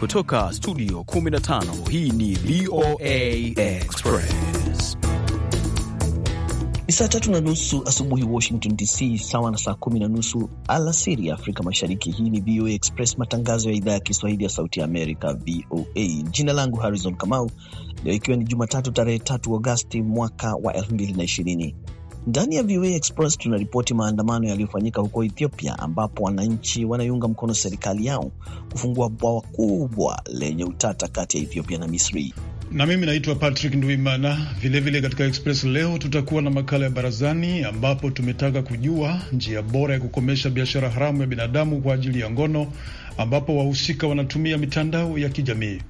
Kutoka studio 15 hii ni VOA Express. Ni saa tatu na nusu asubuhi Washington DC, sawa na saa kumi na nusu alasiri ya Afrika Mashariki. Hii ni VOA Express, matangazo ya idhaa ya Kiswahili ya Sauti ya Amerika, VOA. Jina langu Harrison Kamau. Leo ikiwa ni Jumatatu tarehe 3 Agosti mwaka wa 2020 ndani ya VOA Express tunaripoti maandamano yaliyofanyika huko Ethiopia, ambapo wananchi wanaiunga mkono serikali yao kufungua bwawa kubwa lenye utata kati ya Ethiopia na Misri. Na mimi naitwa Patrick nduimana Vilevile katika Express leo tutakuwa na makala ya Barazani, ambapo tumetaka kujua njia bora ya kukomesha biashara haramu ya binadamu kwa ajili ya ngono, ambapo wahusika wanatumia mitandao ya kijamii.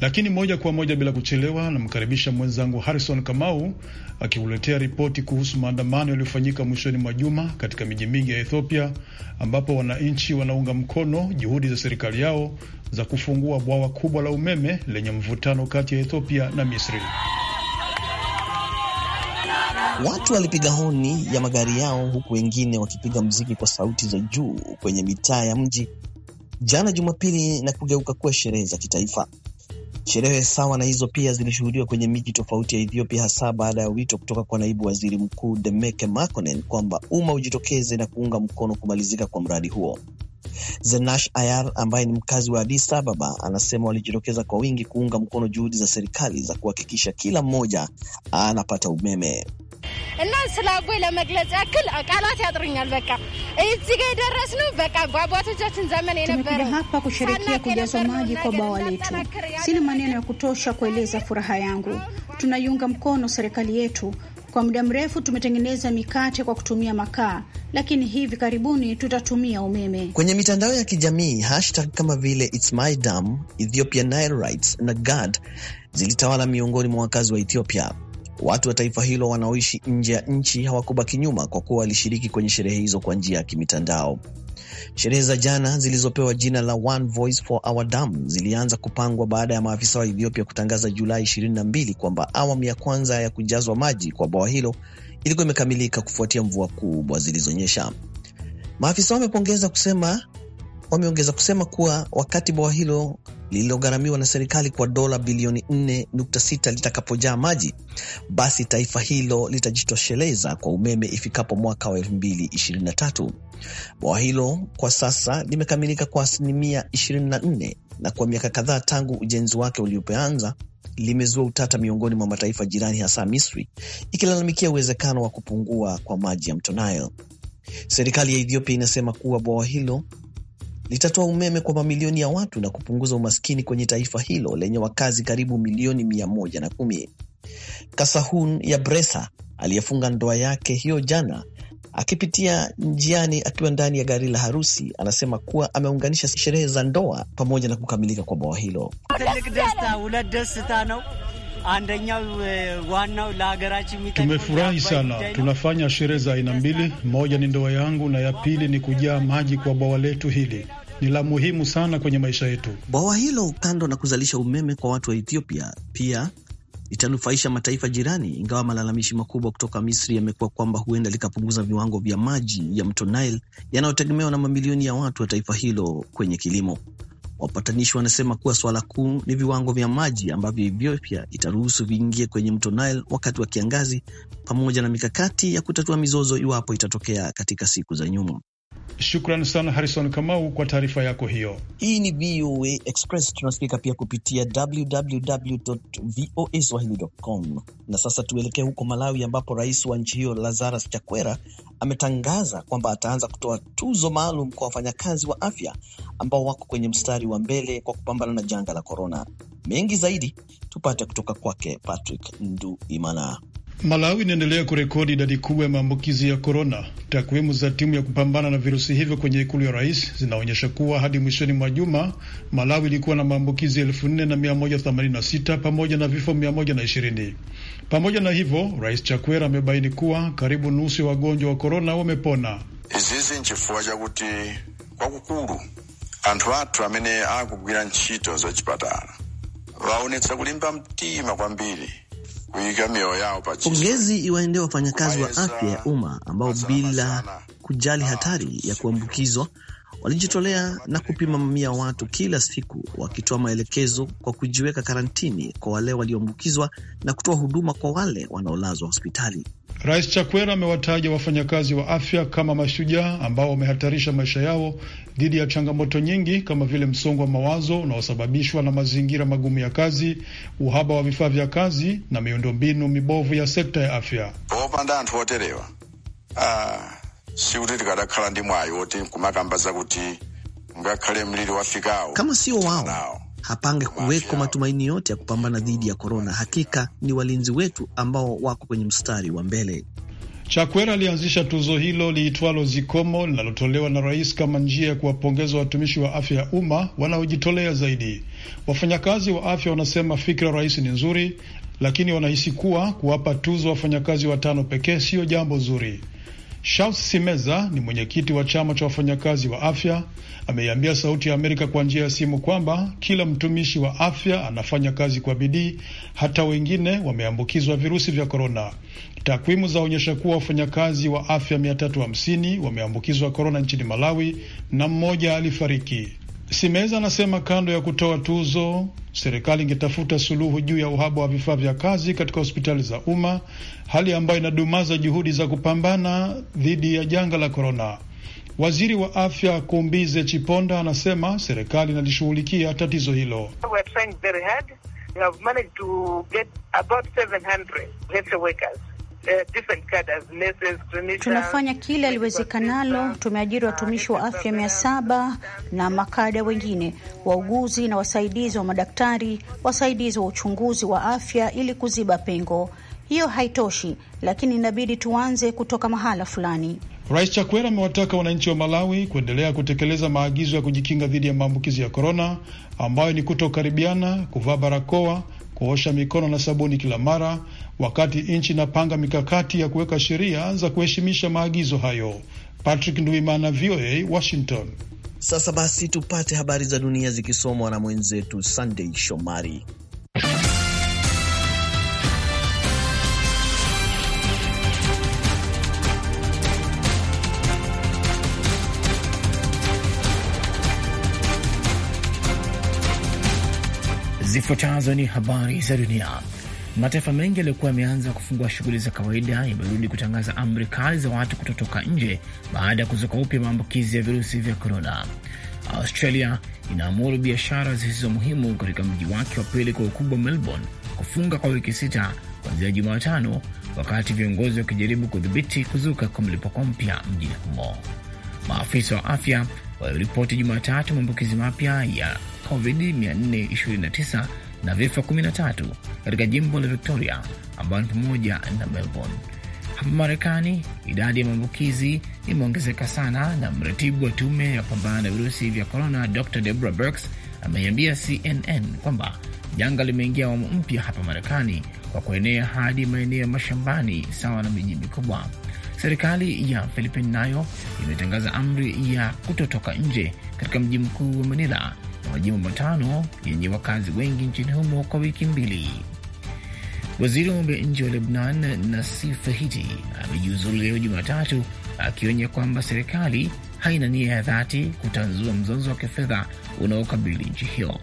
Lakini moja kwa moja bila kuchelewa, namkaribisha mwenzangu Harrison Kamau akiuletea ripoti kuhusu maandamano yaliyofanyika mwishoni mwa juma katika miji mingi ya Ethiopia, ambapo wananchi wanaunga mkono juhudi za serikali yao za kufungua bwawa kubwa la umeme lenye mvutano kati ya Ethiopia na Misri. Watu walipiga honi ya magari yao huku wengine wakipiga mziki kwa sauti za juu kwenye mitaa ya mji jana Jumapili na kugeuka kuwa sherehe za kitaifa. Sherehe sawa na hizo pia zilishuhudiwa kwenye miji tofauti ya Ethiopia, hasa baada ya wito kutoka kwa naibu waziri mkuu Demeke Mekonnen kwamba umma ujitokeze na kuunga mkono kumalizika kwa mradi huo. Zenash Ayar ambaye ni mkazi wa Addis Ababa anasema walijitokeza kwa wingi kuunga mkono juhudi za serikali za kuhakikisha kila mmoja anapata umeme. እና ስለ አቦይ ለመግለጽ ያክል ቃላት ያጥሩኛል። በቃ እዚህ ጋር የደረስ ነው በቃ በአባቶቻችን ዘመን የነበረ kushirikia kujaza maji kwa bwawa letu. Sina maneno ya kutosha kueleza furaha yangu. Tunaiunga mkono serikali yetu. Kwa muda mrefu tumetengeneza mikate kwa kutumia makaa, lakini hivi karibuni tutatumia umeme. Kwenye mitandao ya kijamii hashtag kama vile It's My Dam, Ethiopian Nile Rights na GAD zilitawala miongoni mwa wakazi wa Ethiopia. Watu wa taifa hilo wanaoishi nje ya nchi hawakubaki nyuma kwa kuwa walishiriki kwenye sherehe hizo kwa njia ya kimitandao. Sherehe za jana zilizopewa jina la One Voice for Our Dam zilianza kupangwa baada ya maafisa wa Ethiopia kutangaza Julai 22 kwamba awamu ya kwanza ya kujazwa maji kwa bwawa hilo ilikuwa imekamilika kufuatia mvua kubwa zilizonyesha. Maafisa wamepongeza kusema Wameongeza kusema kuwa wakati bwawa hilo lililogharamiwa na serikali kwa dola bilioni 4.6 litakapojaa maji, basi taifa hilo litajitosheleza kwa umeme ifikapo mwaka wa 2023. Bwawa hilo kwa sasa limekamilika kwa asilimia 24 na kwa miaka kadhaa tangu ujenzi wake ulipoanza limezua utata miongoni mwa mataifa jirani, hasa Misri ikilalamikia uwezekano wa kupungua kwa maji ya mto Nile. Serikali ya Ethiopia inasema kuwa bwawa hilo litatoa umeme kwa mamilioni ya watu na kupunguza umaskini kwenye taifa hilo lenye wakazi karibu milioni 110. Kasahun ya Bresa aliyefunga ndoa yake hiyo jana akipitia njiani akiwa ndani ya gari la harusi anasema kuwa ameunganisha sherehe za ndoa pamoja na kukamilika kwa bwawa hilo. Tumefurahi sana. Tunafanya sherehe za aina mbili, moja ni ndoa yangu na ya pili ni kujaa maji kwa bwawa letu hili ni la muhimu sana kwenye maisha yetu. Bwawa hilo kando na kuzalisha umeme kwa watu wa Ethiopia, pia itanufaisha mataifa jirani, ingawa malalamishi makubwa kutoka Misri yamekuwa kwamba huenda likapunguza viwango vya maji ya mto Nile yanayotegemewa na mamilioni ya watu wa taifa hilo kwenye kilimo. Wapatanishi wanasema kuwa swala kuu ni viwango vya maji ambavyo Ethiopia itaruhusu viingie kwenye mto Nile wakati wa kiangazi, pamoja na mikakati ya kutatua mizozo iwapo itatokea katika siku za nyuma. Shukran sana Harrison Kamau kwa taarifa yako hiyo. Hii ni VOA Express, tunasikika pia kupitia www voa swahilicom Na sasa tuelekee huko Malawi, ambapo rais wa nchi hiyo Lazarus Chakwera ametangaza kwamba ataanza kutoa tuzo maalum kwa wafanyakazi wa afya ambao wako kwenye mstari wa mbele kwa kupambana na janga la korona. Mengi zaidi tupate kutoka kwake Patrick Nduimana. Malawi inaendelea kurekodi idadi kubwa ya maambukizi ya korona. Takwimu za timu ya kupambana na virusi hivyo kwenye ikulu ya rais zinaonyesha kuwa hadi mwishoni mwa juma Malawi ilikuwa na maambukizi 4186 na pamoja na vifo 120. Pamoja na hivyo, Rais Chakwera amebaini kuwa karibu nusu ya wagonjwa wa korona wamepona. izizi nchifuwa chakuti kwakukulu anthu athu amene akugwira ntchito zachipatala vaonetsa kulimba mtima kwambiri Pongezi iwaendea wafanyakazi wa afya ya umma ambao bila kujali ah, hatari ya kuambukizwa walijitolea na kupima mamia ya watu kila siku, wakitoa maelekezo kwa kujiweka karantini kwa wale walioambukizwa na kutoa huduma kwa wale wanaolazwa hospitali. Rais Chakwera amewataja wafanyakazi wa afya kama mashujaa ambao wamehatarisha maisha yao dhidi ya changamoto nyingi kama vile msongo wa mawazo unaosababishwa na mazingira magumu ya kazi, uhaba wa vifaa vya kazi na miundombinu mibovu ya sekta ya afya si kuti tikadakhala ndi mwayo woti n'kumakambaza kuti ngakhale mliri wafikawo kama sio wao hapange kuweko matumaini yote ya kupambana dhidi ya korona. Hakika ni walinzi wetu ambao wako kwenye mstari wa mbele. Chakwera alianzisha tuzo hilo liitwalo Zikomo linalotolewa na rais kama njia ya kuwapongeza watumishi wa afya ya umma wanaojitolea zaidi. Wafanyakazi wa afya wanasema fikira rais ni nzuri, lakini wanahisi kuwa kuwapa tuzo wafanyakazi watano pekee siyo jambo zuri. Charles Simeza ni mwenyekiti wa chama cha wafanyakazi wa afya, ameiambia Sauti ya Amerika kwa njia ya simu kwamba kila mtumishi wa afya anafanya kazi kwa bidii, hata wengine wameambukizwa virusi vya korona. Takwimu zaonyesha kuwa wafanyakazi wa afya 350 wameambukizwa korona nchini Malawi na mmoja alifariki. Simeza anasema kando ya kutoa tuzo, serikali ingetafuta suluhu juu ya uhaba wa vifaa vya kazi katika hospitali za umma, hali ambayo inadumaza juhudi za kupambana dhidi ya janga la korona. Waziri wa afya Kumbize Chiponda anasema serikali inalishughulikia tatizo hilo. We are Eh, Tunafanya kile aliwezekanalo. Tumeajiri uh, watumishi wa afya mia saba na makada wengine, wauguzi na wasaidizi wa madaktari, wasaidizi wa uchunguzi wa afya ili kuziba pengo. Hiyo haitoshi, lakini inabidi tuanze kutoka mahala fulani. Rais Chakwera amewataka wananchi wa Malawi kuendelea kutekeleza maagizo ya kujikinga dhidi ya maambukizi ya korona, ambayo ni kutokaribiana, kuvaa barakoa kuosha mikono na sabuni kila mara, wakati nchi inapanga mikakati ya kuweka sheria za kuheshimisha maagizo hayo. Patrick Nduimana, VOA, Washington. Sasa basi tupate habari za dunia zikisomwa na mwenzetu Sunday Shomari. Zifuatazo ni habari za dunia. Mataifa mengi yaliyokuwa yameanza kufungua shughuli za kawaida yamerudi kutangaza amri kali za watu kutotoka nje baada ya kuzuka upya maambukizi ya virusi vya korona. Australia inaamuru biashara zisizo muhimu katika mji wake wa pili kwa ukubwa Melbourne kufunga kwa wiki sita kuanzia Jumatano, wakati viongozi wakijaribu kudhibiti kuzuka kwa mlipuko mpya mjini humo. Maafisa wa afya waliripoti Jumatatu maambukizi mapya ya COVID 429 na vifo 13 katika jimbo la Victoria ambayo ni pamoja na Melbourne. Hapa Marekani, idadi ya maambukizi imeongezeka sana, na mratibu wa tume ya kupambana na virusi vya korona, Dr Deborah Birx ameiambia CNN kwamba janga limeingia awamu mpya hapa Marekani kwa kuenea hadi maeneo ya mashambani sawa na miji mikubwa. Serikali ya Filipin nayo imetangaza amri ya kutotoka nje katika mji mkuu wa Manila na majimbo matano yenye wakazi wengi nchini humo kwa wiki mbili. Waziri wa mambo ya nje wa Lebnan Nasif Hiti amejiuzulu leo Jumatatu, akionya kwamba serikali haina nia ya dhati kutanzua mzozo wa kifedha unaokabili nchi hiyo.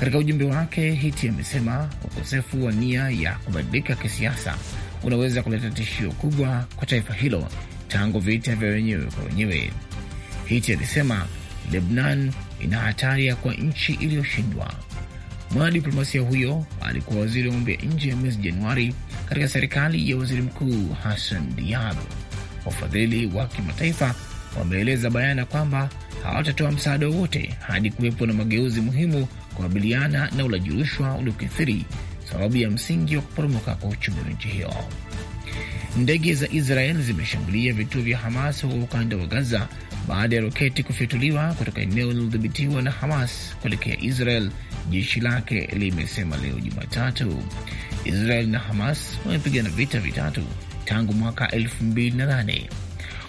Katika ujumbe wake, Hiti amesema ukosefu wa nia ya kubadilika kisiasa unaweza kuleta tishio kubwa kwa taifa hilo tangu vita vya wenyewe kwa wenyewe. Hiti alisema Lebnan ina hatari ya kwa nchi iliyoshindwa. Mwanadiplomasia huyo alikuwa waziri wa mambo ya nje mwezi Januari katika serikali ya waziri mkuu Hassan Diab. Wafadhili wa kimataifa wameeleza bayana kwamba hawatatoa msaada wowote hadi kuwepo na mageuzi muhimu kukabiliana na ulaji rushwa uliokithiri sababu ya msingi wa kuporomoka kwa uchumi wa nchi hiyo. Ndege za Israel zimeshambulia vituo vya Hamas huko ukanda wa Gaza baada ya roketi kufyatuliwa kutoka eneo linalodhibitiwa na Hamas kuelekea Israel, jeshi lake limesema leo Jumatatu. Israel na Hamas wamepigana vita vitatu tangu mwaka 2008.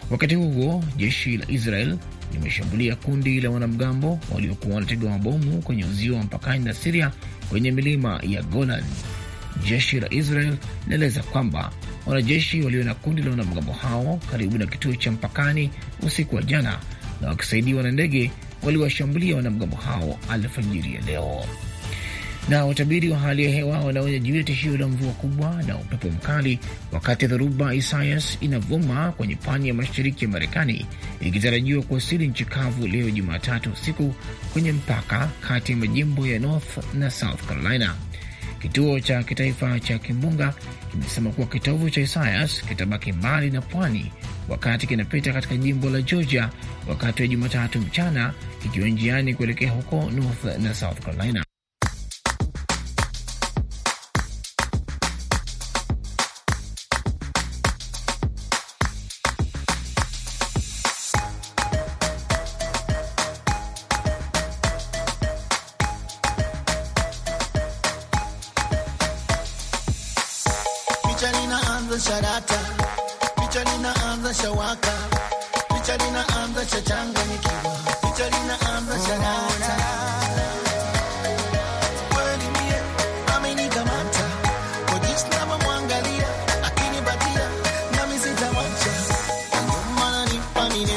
Wakati huo jeshi la Israel limeshambulia kundi la wanamgambo waliokuwa wanatega mabomu kwenye uzio wa mpakani na Siria kwenye milima ya Golan. Jeshi la Israel linaeleza kwamba wanajeshi walio na kundi la wanamgambo hao karibu na kituo cha mpakani usiku wa jana na wakisaidiwa na ndege waliwashambulia wanamgambo hao alfajiri ya leo. Na watabiri wa hali ya hewa wanaonya juu ya tishio la mvua kubwa na upepo mkali wakati dhoruba Isaias inavuma kwenye pwani ya mashariki ya Marekani ikitarajiwa kuwasili nchi kavu leo Jumatatu usiku kwenye mpaka kati ya majimbo ya North na South Carolina. Kituo cha kitaifa cha kimbunga kimesema kuwa kitovu cha Isaias kitabaki mbali na pwani wakati kinapita katika jimbo la Georgia wakati wa Jumatatu mchana, kikiwa njiani kuelekea huko North na South Carolina.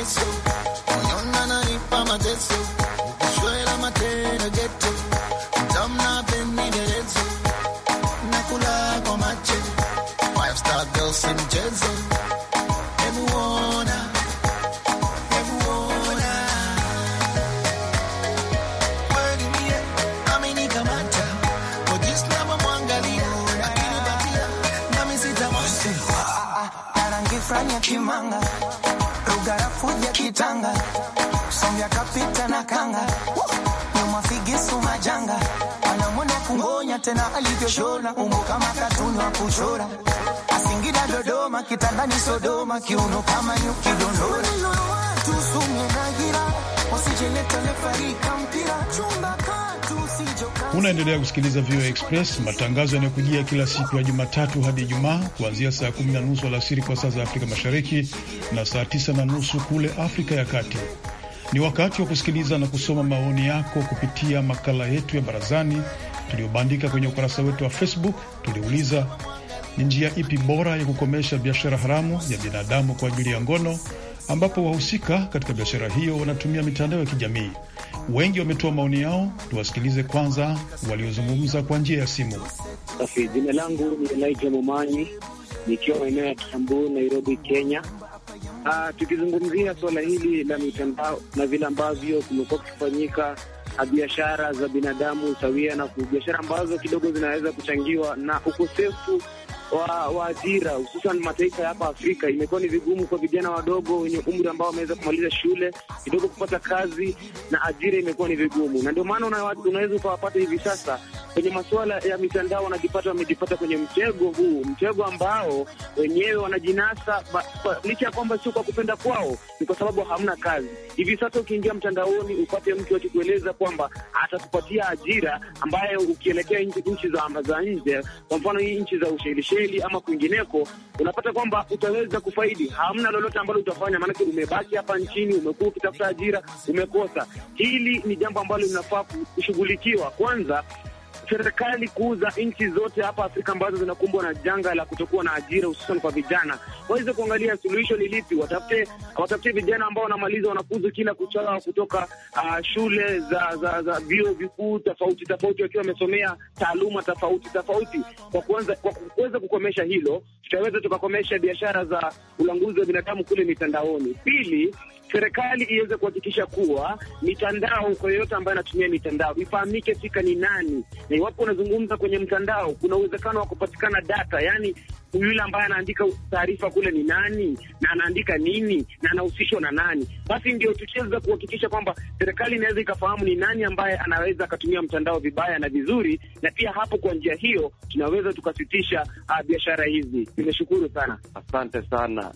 so kiuno kama nyuki unaendelea kusikiliza VOA Express, matangazo yanayokujia kila siku ya Jumatatu hadi Ijumaa kuanzia saa kumi na nusu alasiri kwa saa za Afrika Mashariki na saa tisa na nusu kule Afrika ya Kati. Ni wakati wa kusikiliza na kusoma maoni yako kupitia makala yetu ya barazani tuliyobandika kwenye ukurasa wetu wa Facebook. Tuliuliza, ni njia ipi bora ya kukomesha biashara haramu ya binadamu kwa ajili ya ngono, ambapo wahusika katika biashara hiyo wanatumia mitandao ya kijamii. Wengi wametoa maoni yao, tuwasikilize kwanza waliozungumza kwa njia ya simu. Safi, jina langu ni Elijah Momanyi, nikiwa maeneo ya Kiambu, Nairobi, Kenya. Aa, ah, tukizungumzia suala hili la mitandao na vile ambavyo kumekuwa kukifanyika biashara za binadamu sawia na biashara ambazo kidogo zinaweza kuchangiwa na ukosefu wa, wa ajira hususan mataifa ya hapa Afrika, imekuwa ni vigumu kwa vijana wadogo wenye umri ambao wameweza kumaliza shule kidogo kupata kazi na ajira imekuwa ni vigumu, na ndio maana unaweza ukawapata hivi sasa kwenye masuala ya mitandao, wanajipata wamejipata kwenye mtego huu, mtego ambao wenyewe wanajinasa licha ya kwamba sio kwa kupenda kwao, ni kwa sababu hamna kazi. Hivi sasa ukiingia mtandaoni upate mtu akikueleza kwamba atakupatia ajira ambayo ukielekea nchi za, za nje, kwa mfano hii nchi za Ushelisheli hoteli ama kwingineko, unapata kwamba utaweza kufaidi. Hamna lolote ambalo utafanya, maanake umebaki hapa nchini, umekuwa ukitafuta ajira, umekosa. Hili ni jambo ambalo linafaa kushughulikiwa kwanza serikali kuuza nchi zote hapa Afrika ambazo zinakumbwa na janga la kutokuwa na ajira, hususan kwa vijana, waweze kuangalia suluhisho ni lipi. Watafute watafute vijana ambao wanamaliza wanafunzi kila kuchaa kutoka uh, shule za za za vyuo vikuu tofauti tofauti, wakiwa wamesomea taaluma tofauti tofauti. Kwa kuanza kwa kuweza kukomesha hilo, tutaweza tukakomesha biashara za ulanguzi wa binadamu kule mitandaoni. Pili, serikali iweze kuhakikisha kuwa mitandao, kwa yoyote ambayo anatumia mitandao ifahamike fika ni nani, na iwapo unazungumza kwenye mtandao, kuna uwezekano wa kupatikana data, yaani yule ambaye anaandika taarifa kule ni nani na anaandika nini na anahusishwa na nani. Basi ndio tucheza kuhakikisha kwamba serikali inaweza ikafahamu ni nani ambaye anaweza akatumia mtandao vibaya na vizuri, na pia hapo, kwa njia hiyo tunaweza tukasitisha ah, biashara hizi. Nimeshukuru sana, asante sana.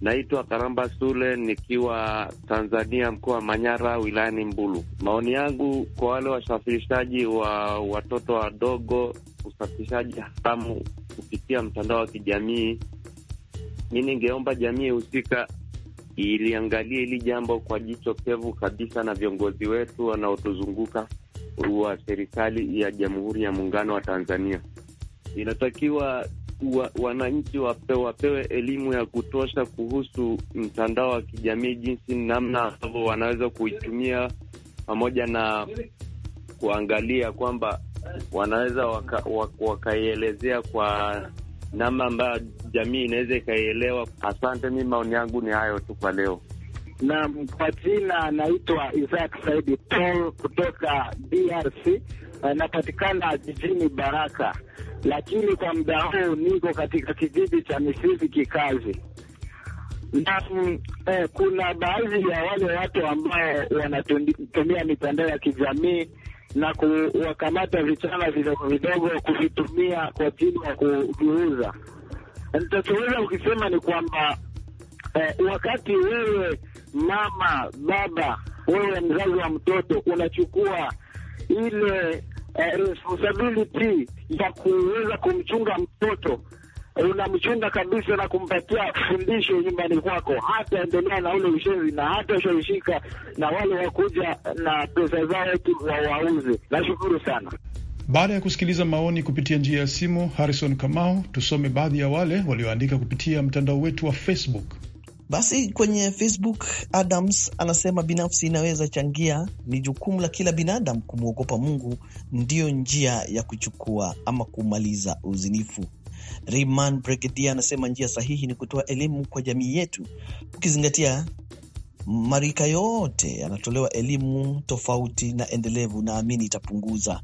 Naitwa Karamba Sule nikiwa Tanzania, mkoa wa Manyara, wilayani Mbulu. Maoni yangu kwa wale wasafirishaji wa watoto wadogo, usafirishaji haramu kupitia mtandao wa kijamii, mi ningeomba jamii husika iliangalia hili jambo kwa jicho pevu kabisa, na viongozi wetu wanaotuzunguka wa serikali ya Jamhuri ya Muungano wa Tanzania inatakiwa wananchi wapewe, wapewe elimu ya kutosha kuhusu mtandao wa kijamii, jinsi namna ambavyo wanaweza kuitumia, pamoja na kuangalia kwamba wanaweza wakaielezea waka kwa namna ambayo jamii inaweza ikaielewa. Asante, mi maoni yangu ni hayo tu kwa leo. Naam, kwa jina anaitwa Isaac Saidi Paul kutoka DRC, anapatikana eh, jijini Baraka lakini kwa muda huu niko katika kijiji cha misizi kikazi na eh, kuna baadhi ya wale watu ambao wanatumia mitandao ya kijamii na kuwakamata vichana vidogo vidogo kuvitumia kwa ajili ya kuviuza. Nitachoweza ukisema ni kwamba eh, wakati wewe mama, baba, wewe mzazi wa mtoto unachukua ile eh, responsibility ya kuweza kumchunga mtoto eh, unamchunga kabisa na kumpatia fundisho nyumbani kwako, hata endelea na ule ushenzi na hata ushawishika na wale wakuja na pesa zao tu wawauze. Nashukuru sana. Baada ya kusikiliza maoni kupitia njia ya simu, Harrison Kamau, tusome baadhi ya wale walioandika kupitia mtandao wetu wa Facebook. Basi kwenye Facebook Adams anasema binafsi inaweza changia, ni jukumu la kila binadamu kumwogopa Mungu, ndiyo njia ya kuchukua ama kumaliza uzinifu. Riman Bregedia anasema njia sahihi ni kutoa elimu kwa jamii yetu, ukizingatia marika yote yanatolewa elimu tofauti na endelevu. Naamini itapunguza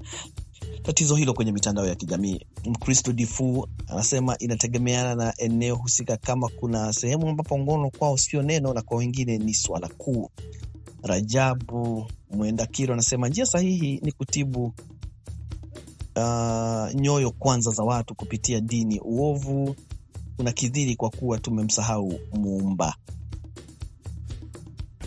tatizo hilo kwenye mitandao ya kijamii. Mkristo Difu anasema inategemeana na eneo husika, kama kuna sehemu ambapo ngono kwao sio neno na kwa wengine ni swala kuu. Rajabu Mwendakiro anasema njia sahihi ni kutibu uh, nyoyo kwanza za watu kupitia dini. Uovu unakithiri kwa kuwa tumemsahau Muumba.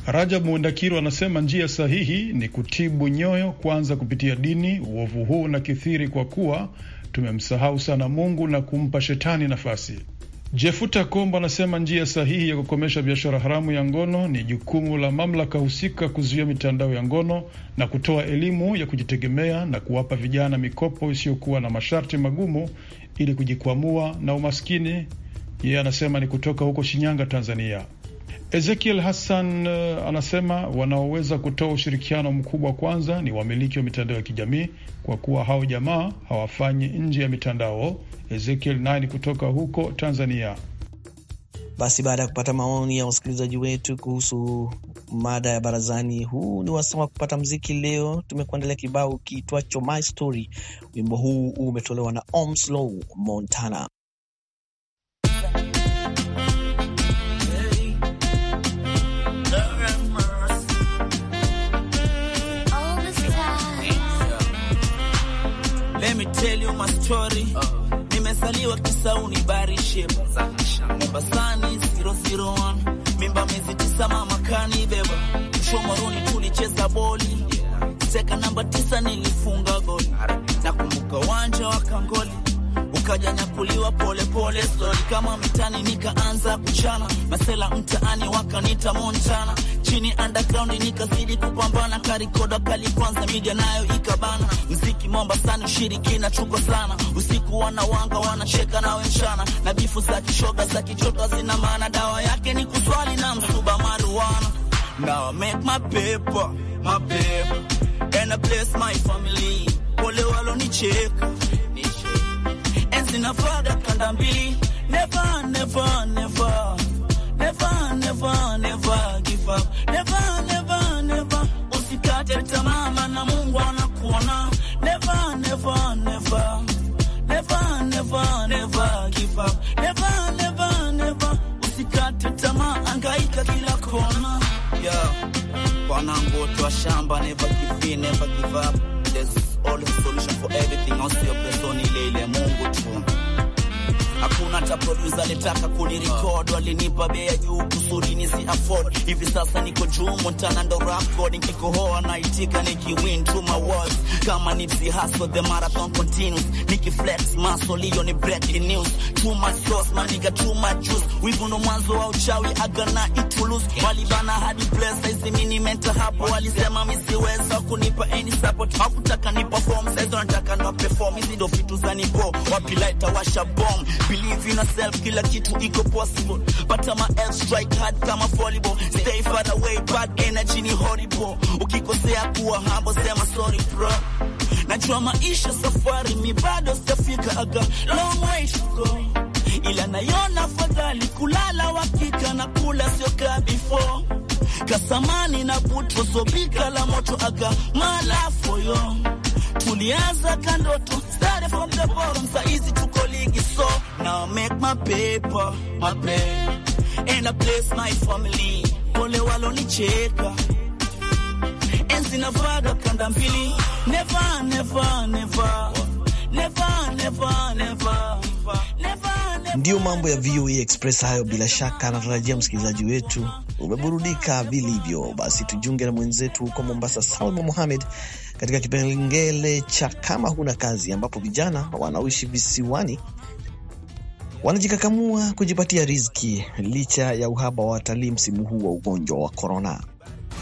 Rajab Mwendakiru anasema njia sahihi ni kutibu nyoyo kwanza kupitia dini. Uovu huu unakithiri kwa kuwa tumemsahau sana Mungu na kumpa shetani nafasi. Jefuta Kombo anasema njia sahihi ya kukomesha biashara haramu ya ngono ni jukumu la mamlaka husika kuzuia mitandao ya ngono na kutoa elimu ya kujitegemea na kuwapa vijana mikopo isiyokuwa na masharti magumu ili kujikwamua na umaskini. Yeye anasema ni kutoka huko Shinyanga, Tanzania. Ezekiel Hassan eh, anasema wanaoweza kutoa ushirikiano mkubwa kwanza ni wamiliki wa mitandao ya kijamii kwa kuwa hao jamaa hawafanyi nje ya mitandao. Ezekiel naye ni kutoka huko Tanzania. Basi baada ya kupata maoni ya wasikilizaji wetu kuhusu mada ya barazani, huu ni wasaa wa kupata mziki. Leo tumekuandalia kibao kiitwacho My Story. Wimbo huu umetolewa na Omslow Montana. nikiwa kisa unibarishe Mombasani one mimba miezi tisa mama beba Shomoroni tulicheza boli seka namba tisa nilifunga goli na kumbuka uwanja wa Kangoli nikajanyakuliwa polepole, stori kama mitani, nikaanza kuchana masela mtaani, wakanita Montana. Chini underground nikazidi kupambana, karikoda kali kwanza, media nayo ikabana. Mziki momba Mombasani ushirikina chuko sana, usiku wanawanga wanacheka nawe mchana, na bifu za kishoga za kichoto zina maana, dawa yake ni kuswali na msuba maruana. Now I make my paper, my paper, and I bless my family, wale walonicheka zinafuata kanda mbili. Never, never, never. Never, never, never give up. Never, never, never. Usikate tamaa maana Mungu anakuona. Never, never, never. Never, never, never give up. Never, never, never. Usikate tamaa, angaika kila kona. Yeah. Wanangu wa shamba, never give in, never give up. All the solution for everything. i see your person, Mungu tu. hakuna hata producer alitaka kunirecord, walinipa bei ya juu kusudi nisi afford. Hivi sasa niko juu Montana, ndo rap god, nikikohoa naitika nikiwin to my words, kama Nipsey hustle, the marathon continues, nikiflex muscle, hiyo ni breaking news, too much sauce man, nika too much juice, wivu ndo mwanzo wa uchawi, agana itulus walibana hadi place hizi mini mental hapo, walisema misiweza kunipa any support, hakutaka ni perform, sasa nataka na perform, hizi ndo vitu za nipo wapi, lighter washa bomb believe in yourself, kila kitu iko possible. But I'm a L strike hard kama volleyball. Stay far away, bad energy ni horrible. Ukikosea kuwa hambo, sema sorry bro. Najua maisha safari, mi bado sijafika, aga long way to go, ila nayona fadhali kulala wakika na kula sio ka before kasamani na buto zobika la moto aga you tulianza kando tu started from the bottom, saizi tuko ligi so now make my paper, my pay and I bless my family, pole walo wale walonicheka enzi vaga kanda mbili, never never never never never never Ndiyo mambo ya VOA e Express hayo, bila shaka anatarajia msikilizaji wetu Umeburudika vilivyo? Basi tujiunge na mwenzetu huko Mombasa, Salma Mohamed, katika kipengele cha kama huna kazi, ambapo vijana wanaoishi visiwani wanajikakamua kujipatia riziki licha ya uhaba wa watalii msimu huu wa ugonjwa wa korona.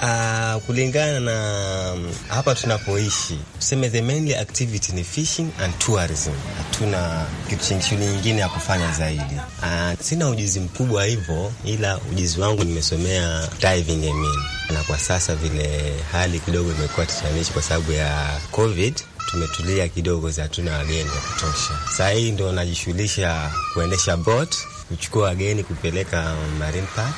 Uh, kulingana na mm, hapa tunapoishi, tuseme the mainly activity ni fishing and tourism. Hatuna kitu shughuli nyingine ya kufanya zaidi. Uh, sina ujuzi mkubwa hivyo, ila ujuzi wangu nimesomea diving mean. na kwa sasa vile hali kidogo imekuwa tatanishi kwa sababu ya COVID tumetulia kidogo, za hatuna wageni wa kutosha. Saa hii ndo najishughulisha kuendesha boat, kuchukua wageni kupeleka marine park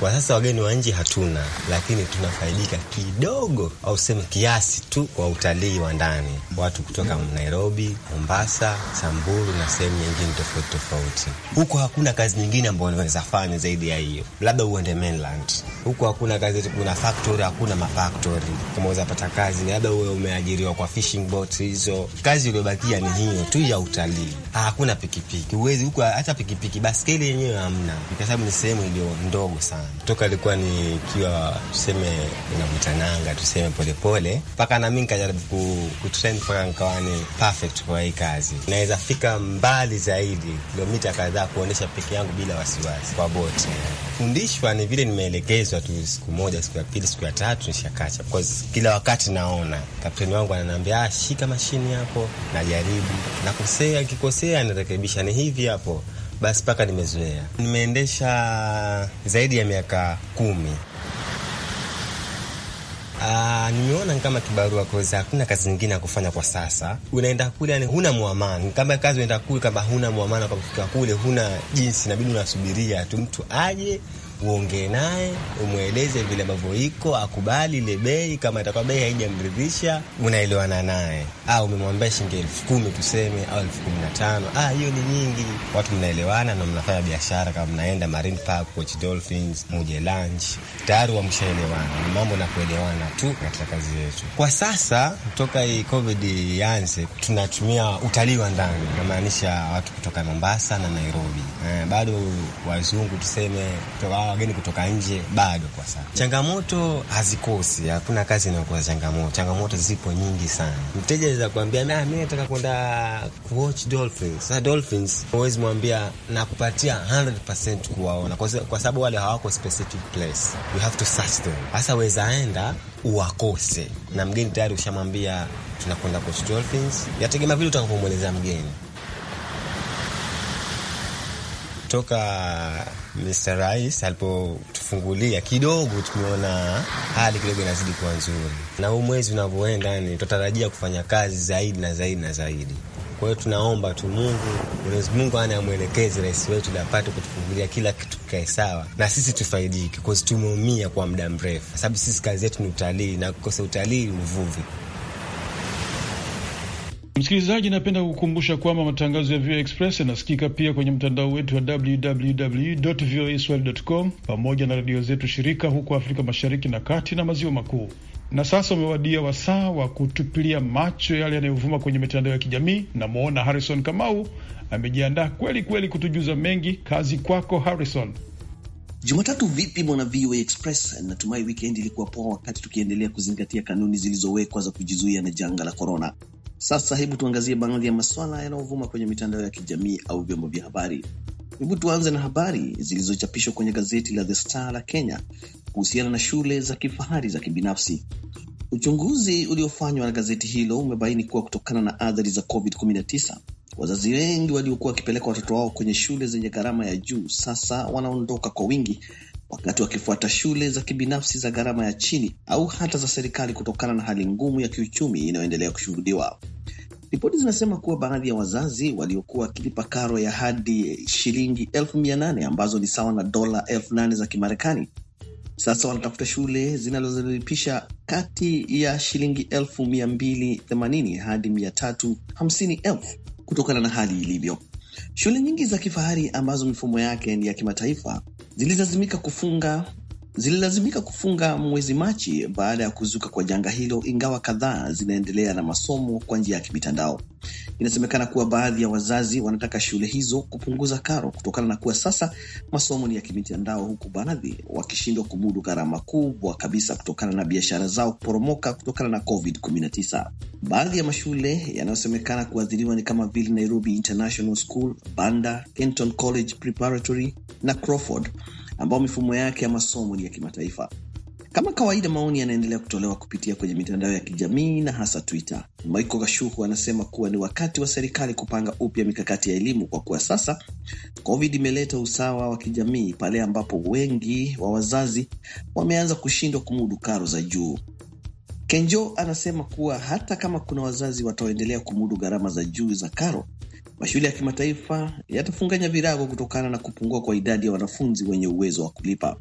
kwa sasa wageni wa nje hatuna, lakini tunafaidika kidogo au sema kiasi tu kwa utalii wa ndani, watu kutoka Nairobi, Mombasa, Samburu na sehemu nyingine tofauti tofauti. Huko hakuna kazi nyingine ambayo unaweza fanya zaidi ya hiyo, labda uende mainland. Huko hakuna kazi, kuna factory, hakuna mafactory. Kama unaweza pata kazi ni labda uwe umeajiriwa kwa fishing boat hizo. Kazi iliyobakia ni hiyo tu ya utalii, ah, hakuna pikipiki. uwezi huko hata pikipiki, baskeli yenyewe hamna, kwa sababu ni sehemu iliyo ndogo sana toka alikuwa nikiwa tuseme navutananga tuseme polepole mpaka nami nikajaribu kutrend mpaka ni perfect kwa hii kazi, naweza fika mbali zaidi kilomita kadhaa kuonyesha peke yangu bila wasiwasi kwa boti. Fundishwa ni vile nimeelekezwa tu, siku moja, siku ya pili, siku ya tatu nishakacha, because kila wakati naona kapteni wangu ananiambia, ah, shika mashini hapo. Najaribu nakosea, kikosea nirekebisha ni hivi hapo basi mpaka nimezoea. Nimeendesha zaidi ya miaka kumi. Uh, nimeona ni kama kibarua koza, hakuna kazi nyingine ya kufanya kwa sasa. Unaenda kule yani huna mwamani kama kazi unaenda kule kama huna mwamana kwa kufika kule, huna jinsi, inabidi unasubiria tu mtu aje uongee naye, umweleze vile ambavyo iko, akubali ile bei. Kama itakuwa bei haijamridhisha, unaelewana naye, au umemwambia shilingi elfu kumi tuseme, au elfu kumi na tano Ah, hiyo ni nyingi. Watu mnaelewana na mnafanya biashara, kama mnaenda Marine Park, Dolphins, muje lunch, tayari wamshaelewana. Ni mambo na kuelewana tu katika kazi yetu. Kwa sasa toka hii COVID ianze, tunatumia utalii wa ndani, namaanisha watu kutoka Mombasa na Nairobi. Eh, bado wazungu tuseme kutoka hawa wageni kutoka nje bado kwa sasa. Changamoto hazikosi, hakuna kazi inayokuwa changamoto. Changamoto zipo nyingi sana. Mteja anaweza kuambia ah, mimi nataka kwenda kuwatch dolphins. Sasa dolphins huwezi mwambia nakupatia 100% kuwaona, kwa sababu wale hawako specific place, you have to search them. Sasa wezaenda uwakose na mgeni tayari ushamwambia tunakwenda kuwatch dolphins, yategemea vile utakavyomweleza mgeni toka Mr. Rais alipotufungulia kidogo, tumeona hali kidogo inazidi kuwa nzuri, na huu mwezi unavyoenda ni tutatarajia kufanya kazi zaidi na zaidi na zaidi. Kwa hiyo tunaomba tu Mungu, Mwenyezi Mungu ana amwelekezi rais wetu apate kutufungulia kila kitu kikae sawa, na sisi tufaidike, kwa sababu tumeumia kwa muda mrefu, kwa sababu sisi kazi yetu ni utalii, na kukosa utalii uvuvi Msikilizaji, napenda kukumbusha kwamba matangazo ya VOA Express yanasikika pia kwenye mtandao wetu wa www voa com pamoja na redio zetu shirika huko Afrika Mashariki na kati na maziwa makuu. Na sasa umewadia wasaa wa kutupilia macho yale yanayovuma kwenye mitandao ya kijamii. Namwona Harrison Kamau amejiandaa kweli kweli kutujuza mengi. Kazi kwako Harrison. Jumatatu vipi bwana VOA Express, natumai wikendi ilikuwa poa, wakati tukiendelea kuzingatia kanuni zilizowekwa za kujizuia na janga la korona. Sasa hebu tuangazie baadhi ya maswala yanayovuma kwenye mitandao ya kijamii au vyombo vya habari. Hebu tuanze na habari zilizochapishwa kwenye gazeti la The Star la Kenya kuhusiana na shule za kifahari za kibinafsi. Uchunguzi uliofanywa na gazeti hilo umebaini kuwa kutokana na athari za COVID-19, wazazi wengi waliokuwa wakipeleka watoto wao kwenye shule zenye gharama ya juu sasa wanaondoka kwa wingi wakati wakifuata shule za kibinafsi za gharama ya chini au hata za serikali kutokana na hali ngumu ya kiuchumi inayoendelea kushuhudiwa. Ripoti zinasema kuwa baadhi ya wazazi waliokuwa wakilipa karo ya hadi shilingi elfu mia nane ambazo ni sawa na dola elfu nane za Kimarekani sasa wanatafuta shule zinazolipisha kati ya shilingi elfu mia mbili themanini hadi mia tatu hamsini elfu kutokana na hali ilivyo. Shule nyingi za kifahari ambazo mifumo yake ni ya kimataifa zilizolazimika kufunga zililazimika kufunga mwezi Machi baada ya kuzuka kwa janga hilo, ingawa kadhaa zinaendelea na masomo kwa njia ya kimitandao. Inasemekana kuwa baadhi ya wazazi wanataka shule hizo kupunguza karo kutokana na kuwa sasa masomo ni ya kimitandao, huku baadhi wakishindwa kumudu gharama kubwa kabisa kutokana na biashara zao kuporomoka kutokana na COVID-19. Baadhi ya mashule yanayosemekana kuathiriwa ni kama vile Nairobi International School, Banda, Kenton College Preparatory na Crawford ambao mifumo yake ya masomo ni ya kimataifa. Kama kawaida, maoni yanaendelea kutolewa kupitia kwenye mitandao ya kijamii na hasa Twitter. Maiko Kashuku anasema kuwa ni wakati wa serikali kupanga upya mikakati ya elimu kwa kuwa sasa COVID imeleta usawa wa kijamii pale ambapo wengi wa wazazi wameanza kushindwa kumudu karo za juu. Kenjo anasema kuwa hata kama kuna wazazi wataoendelea kumudu gharama za juu za karo, mashule ya kimataifa yatafunganya virago kutokana na kupungua kwa idadi ya wanafunzi wenye uwezo wa kulipa.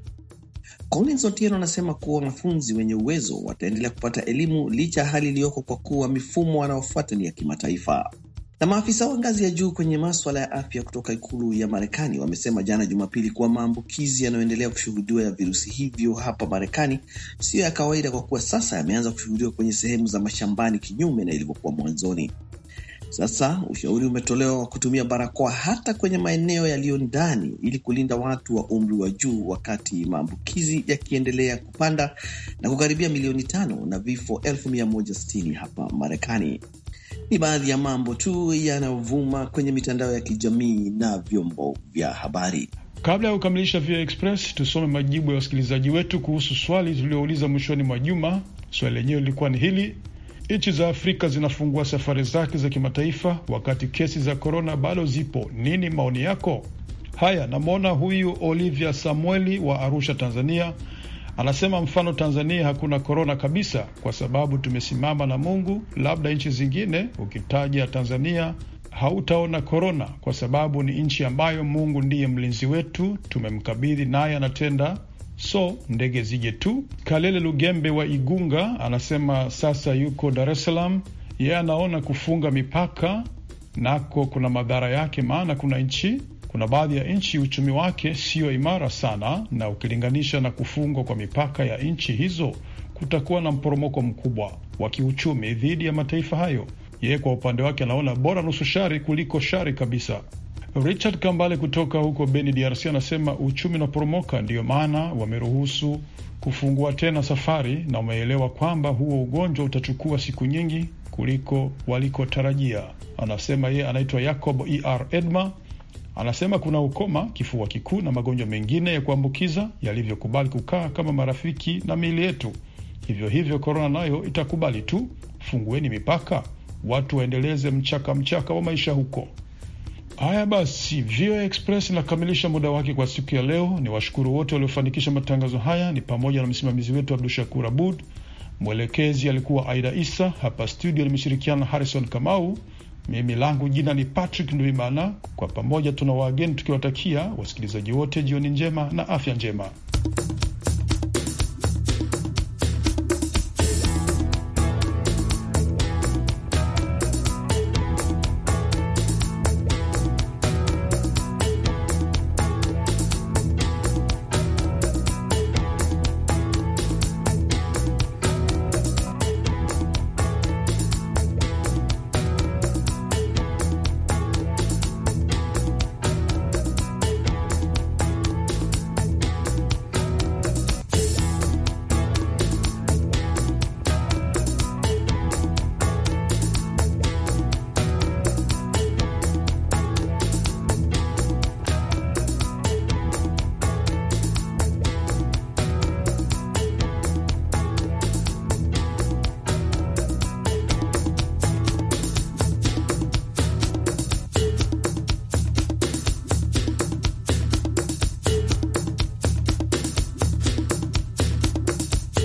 Collins Otieno anasema kuwa wanafunzi wenye uwezo wataendelea kupata elimu licha ya hali iliyoko, kwa kuwa mifumo wanaofuata ni ya kimataifa. Na maafisa wa ngazi ya juu kwenye maswala ya afya kutoka ikulu ya Marekani wamesema jana Jumapili kuwa maambukizi yanayoendelea kushuhudiwa ya virusi hivyo hapa Marekani siyo ya kawaida, kwa kuwa sasa yameanza kushuhudiwa kwenye sehemu za mashambani, kinyume na ilivyokuwa mwanzoni. Sasa ushauri umetolewa wa kutumia barakoa hata kwenye maeneo yaliyo ndani ili kulinda watu wa umri wa juu, wakati maambukizi yakiendelea kupanda na kukaribia milioni tano na vifo elfu mia moja sitini hapa Marekani. Ni baadhi ya mambo tu yanayovuma kwenye mitandao ya kijamii na vyombo vya habari. Kabla ya kukamilisha VOA Express, tusome majibu ya wasikilizaji wetu kuhusu swali tuliouliza mwishoni mwa juma. Swali lenyewe lilikuwa ni hili: Nchi za Afrika zinafungua safari zake za kimataifa wakati kesi za korona bado zipo. Nini maoni yako? Haya, namwona huyu Olivia Samueli wa Arusha, Tanzania, anasema mfano Tanzania hakuna korona kabisa kwa sababu tumesimama na Mungu. Labda nchi zingine ukitaja Tanzania hautaona korona kwa sababu ni nchi ambayo Mungu ndiye mlinzi wetu, tumemkabidhi naye anatenda so ndege zije tu. Kalele Lugembe wa Igunga anasema sasa yuko Dar es Salaam, yeye anaona kufunga mipaka nako kuna madhara yake, maana kuna nchi kuna baadhi ya nchi uchumi wake siyo imara sana, na ukilinganisha na kufungwa kwa mipaka ya nchi hizo kutakuwa na mporomoko mkubwa wa kiuchumi dhidi ya mataifa hayo. Yeye kwa upande wake anaona bora nusu shari kuliko shari kabisa. Richard Kambale kutoka huko Beni, DRC, anasema uchumi unaporomoka, ndiyo maana wameruhusu kufungua tena safari, na wameelewa kwamba huo ugonjwa utachukua siku nyingi kuliko walikotarajia. Anasema yeye anaitwa yacob Er Edma, anasema kuna ukoma, kifua kikuu na magonjwa mengine ya kuambukiza yalivyokubali kukaa kama marafiki na miili yetu. Hivyo hivyo korona nayo itakubali tu. Fungueni mipaka, watu waendeleze mchaka mchaka wa maisha huko. Haya basi, VOA Express inakamilisha muda wake kwa siku ya leo. Ni washukuru wote waliofanikisha matangazo haya, ni pamoja na msimamizi wetu Abdu Shakur Abud, mwelekezi alikuwa Aida Isa. Hapa studio nimeshirikiana na Harrison Kamau. Mimi langu jina ni Patrick Ndwimana. Kwa pamoja tuna wageni tukiwatakia wasikilizaji wote jioni njema na afya njema.